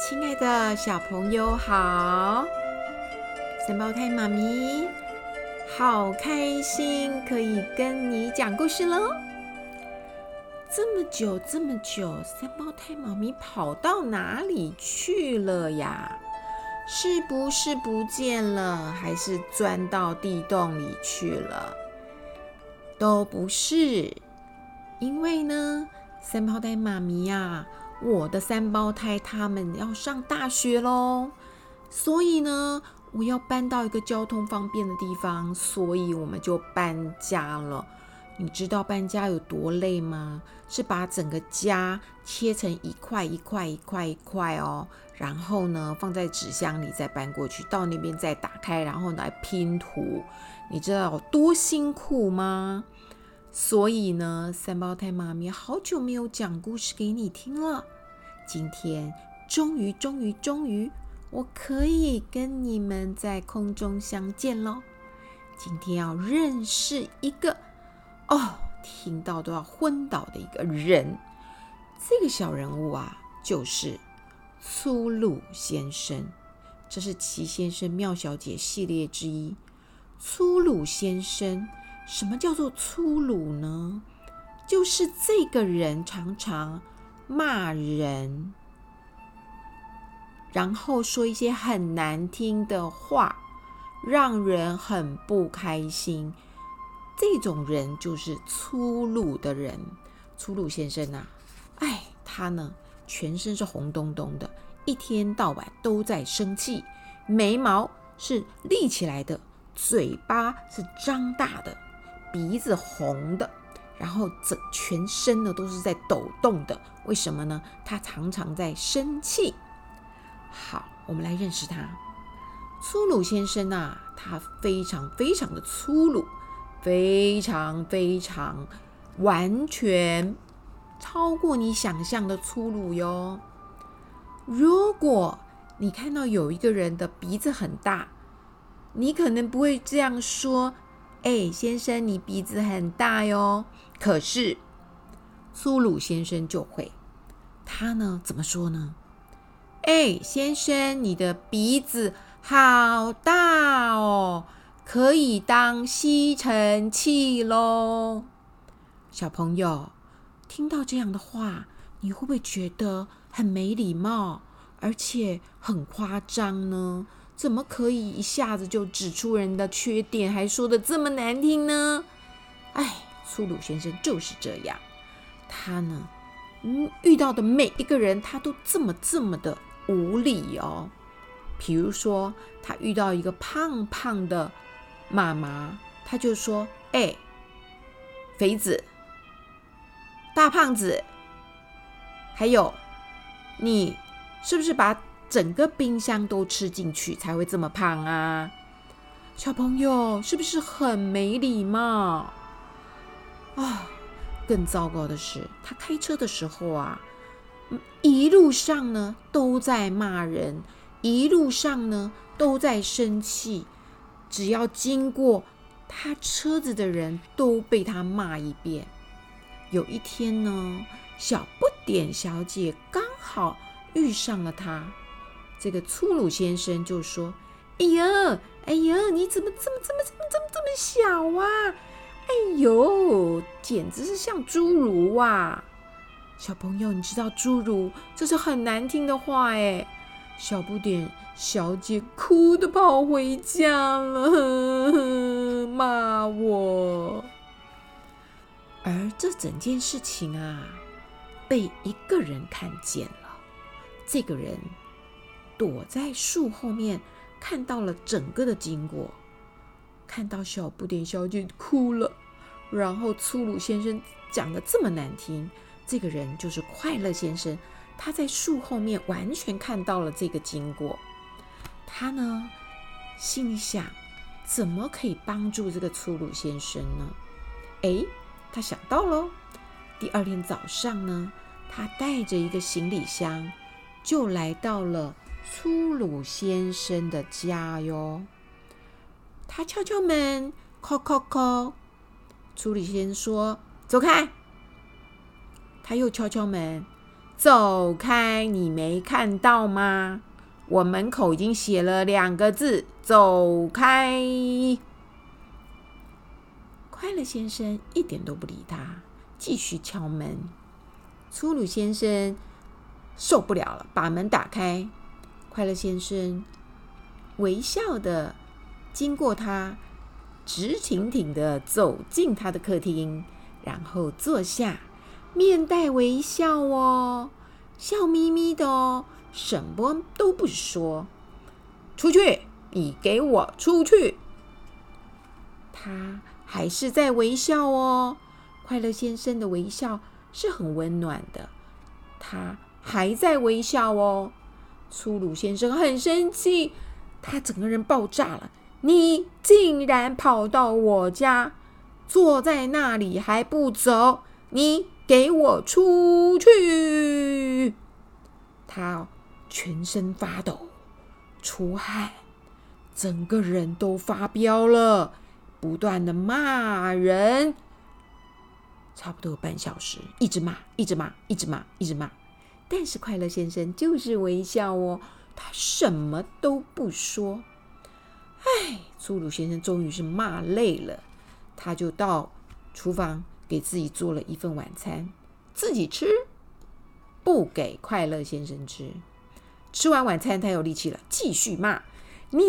親愛的小朋友好，三胞胎媽咪好開心可以跟你講故事嘍。這麼久這麼久，三胞胎媽咪跑到哪裡去了呀？是不是不見了？還是鑽到地洞裡去了？都不是，因為呢，三胞胎媽咪呀、啊。我的三胞胎他們要上大學嘍，所以呢，我要搬到一個交通方便的地方，所以我們就搬家了。你知道搬家有多累嗎？是把整個家切成一塊一塊一塊一塊哦，然後呢，放在紙箱裡再搬過去，到那邊再打開，然後來拼圖。你知道有多辛苦嗎？所以呢，三胞胎媽咪好久沒有講故事給你聽了，今天終於、終於、終於，我可以跟你們在空中相見嘍！今天要認識一個哦，聽到都要昏倒的一個人。這個小人物啊，就是粗魯先生。這是奇先生妙小姐系列之一，粗魯先生。什麼叫做粗魯呢？就是這個人常常罵人，然後說一些很難聽的話，讓人很不開心。這種人就是粗魯的人，粗魯先生啊！哎，他呢，全身是紅彤彤的，一天到晚都在生氣，眉毛是立起來的，嘴巴是張大的。鼻子紅的，然後整全身的都是在抖動的，為什麼呢？他常常在生氣。好，我們來認識他，粗魯先生啊，他非常非常的粗魯，非常非常完全超過你想象的粗魯喲。如果你看到有一個人的鼻子很大，你可能不會這樣說。哎、欸，先生，你鼻子很大喲。可是粗魯先生就會，他呢怎麼說呢？哎、欸，先生，你的鼻子好大哦，可以當吸塵器嘍。小朋友，聽到這樣的話，你會不會覺得很沒禮貌，而且很誇張呢？怎麼可以一下子就指出人的缺點，還說得這麼難聽呢？哎，粗魯先生就是這樣。他呢，嗯，遇到的每一個人，他都這麼這麼的無禮哦。比如說，他遇到一個胖胖的媽媽，他就說：“哎、欸，肥子，大胖子，還有你，是不是把？”整個冰箱都吃進去才會這麼胖啊！小朋友是不是很沒禮貌啊？哦，更糟糕的是，他開車的時候啊，一路上呢都在罵人，一路上呢都在生氣，只要經過他車子的人都被他罵一遍。有一天呢，小不點小姐剛好遇上了他。這個粗魯先生就說：“哎呀，哎呀，你怎麼怎麼怎麼怎麼這麼這麼這麼小啊？哎呦，簡直是像侏儒啊！小朋友，你知道侏儒這是很難聽的話哎。”小不點小姐哭的跑回家了，呵呵，罵我。而這整件事情啊，被一個人看見了，這個人，躲在樹後面，看到了整個的經過，看到小不點小姐哭了，然後粗魯先生講的這麼難聽，這個人就是快樂先生。他在樹後面完全看到了這個經過，他呢心裡想，怎麼可以幫助這個粗魯先生呢？哎、欸，他想到了。第二天早上呢，他帶着一個行李箱就來到了。粗魯先生的家喲，他敲敲門，敲敲敲。粗魯先生說：“走開！”他又敲敲門，“走開！你沒看到嗎？我門口已經寫了兩個字：‘走開’。”快樂先生一點都不理他，繼續敲門。粗魯先生受不了了，把門打開。快樂先生微笑的經過他，直挺挺的走進他的客廳，然後坐下，面帶微笑哦，笑眯眯的哦，什麼都不說。出去！你給我出去！他還是在微笑哦。快樂先生的微笑是很溫暖的，他還在微笑哦。粗魯先生很生氣，他整個人爆炸了。你竟然跑到我家，坐在那裡還不走！你給我出去！他全身發抖，出汗，整個人都發飆了，不斷的罵人。差不多半小時，一直罵，一直罵，一直罵，一直罵。但是快樂先生就是微笑哦，他什麼都不說。唉，粗魯先生終於是罵累了，他就到廚房給自己做了一份晚餐，自己吃，不給快樂先生吃。吃完晚餐，他有力氣了，繼續罵。你，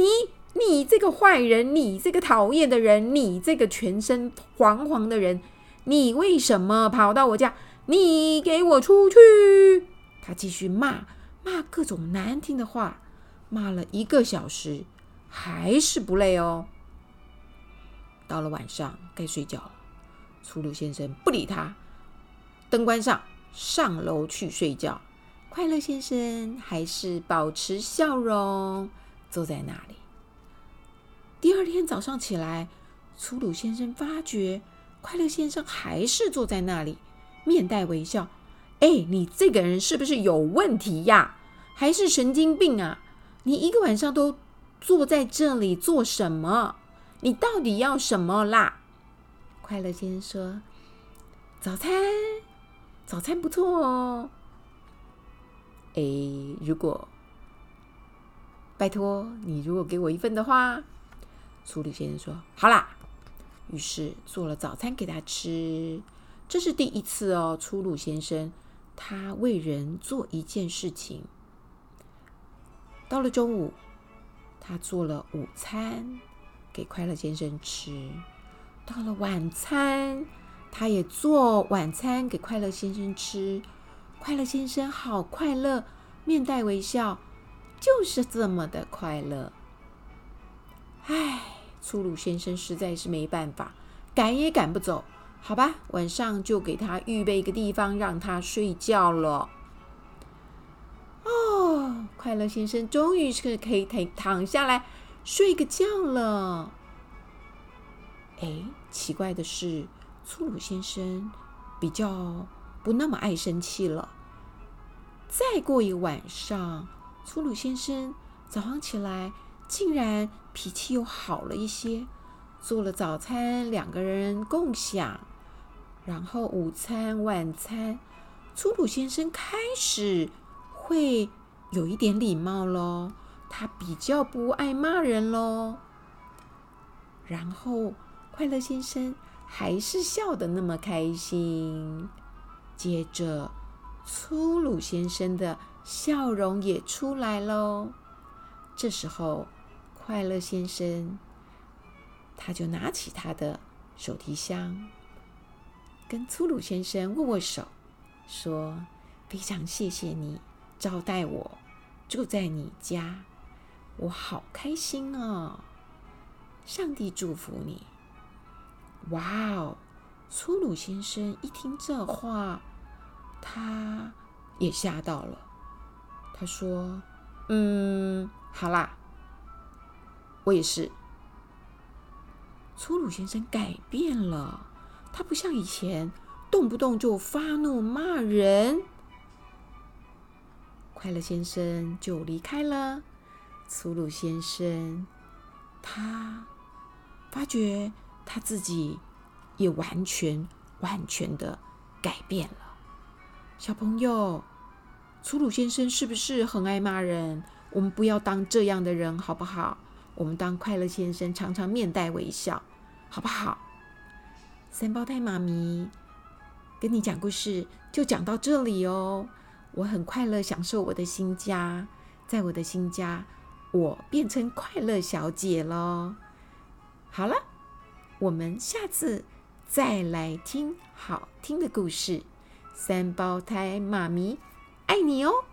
你這個壞人，你這個討厭的人，你這個全身黃黃的人，你為什麼跑到我家？你給我出去！他繼續罵，罵各種難聽的話，罵了一個小時，還是不累哦。到了晚上該睡覺了，粗魯先生不理他，燈關上，上樓去睡覺。快樂先生還是保持笑容，坐在那裡。第二天早上起來，粗魯先生發覺，快樂先生還是坐在那裡，面帶微笑。哎，你這個人是不是有問題呀？還是神經病啊？你一個晚上都坐在這裡做什麼？你到底要什麼啦？快樂先生說：“早餐，早餐不錯哦。”哎，如果拜托你，如果給我一份的話，粗魯先生說：“好啦。”於是做了早餐給他吃。這是第一次哦，粗魯先生。他為人做一件事情，到了中午，他做了午餐給快樂先生吃；到了晚餐，他也做晚餐給快樂先生吃。快樂先生好快樂，面帶微笑，就是這麼的快樂。唉，粗魯先生實在是沒辦法，趕也趕不走。好吧，晚上就給他預備一個地方讓他睡覺了。哦，快樂先生終於是可以躺躺下來睡個覺了。哎，奇怪的是，粗魯先生比較不那麼愛生氣了。再過一晚上，粗魯先生早上起來，竟然脾氣又好了一些。做了早餐，兩個人共享。然後午餐、晚餐，粗魯先生開始會有一點禮貌嘍，他比較不愛罵人嘍。然後快樂先生還是笑得那麼開心。接着粗魯先生的笑容也出來嘍。這時候快樂先生。他就拿起他的手提箱，跟粗魯先生握握手，說：“非常謝謝你招待我，住在你家，我好開心哦！上帝祝福你。”哇哦，粗魯先生一聽這話，他也嚇到了。他說：“嗯，好啦，我也是。”粗魯先生改變了，他不像以前動不動就發怒罵人。快樂先生就離開了。粗魯先生，他發覺他自己也完全完全的改變了。小朋友，粗魯先生是不是很愛罵人？我們不要當這樣的人，好不好？我們當快樂先生，常常面帶微笑。好不好？三胞胎媽咪跟你講故事就講到這裡哦。我很快樂享受我的新家。在我的新家，我變成快樂小姐嘍。好了，我們下次再來聽好聽的故事。三胞胎媽咪愛你哦。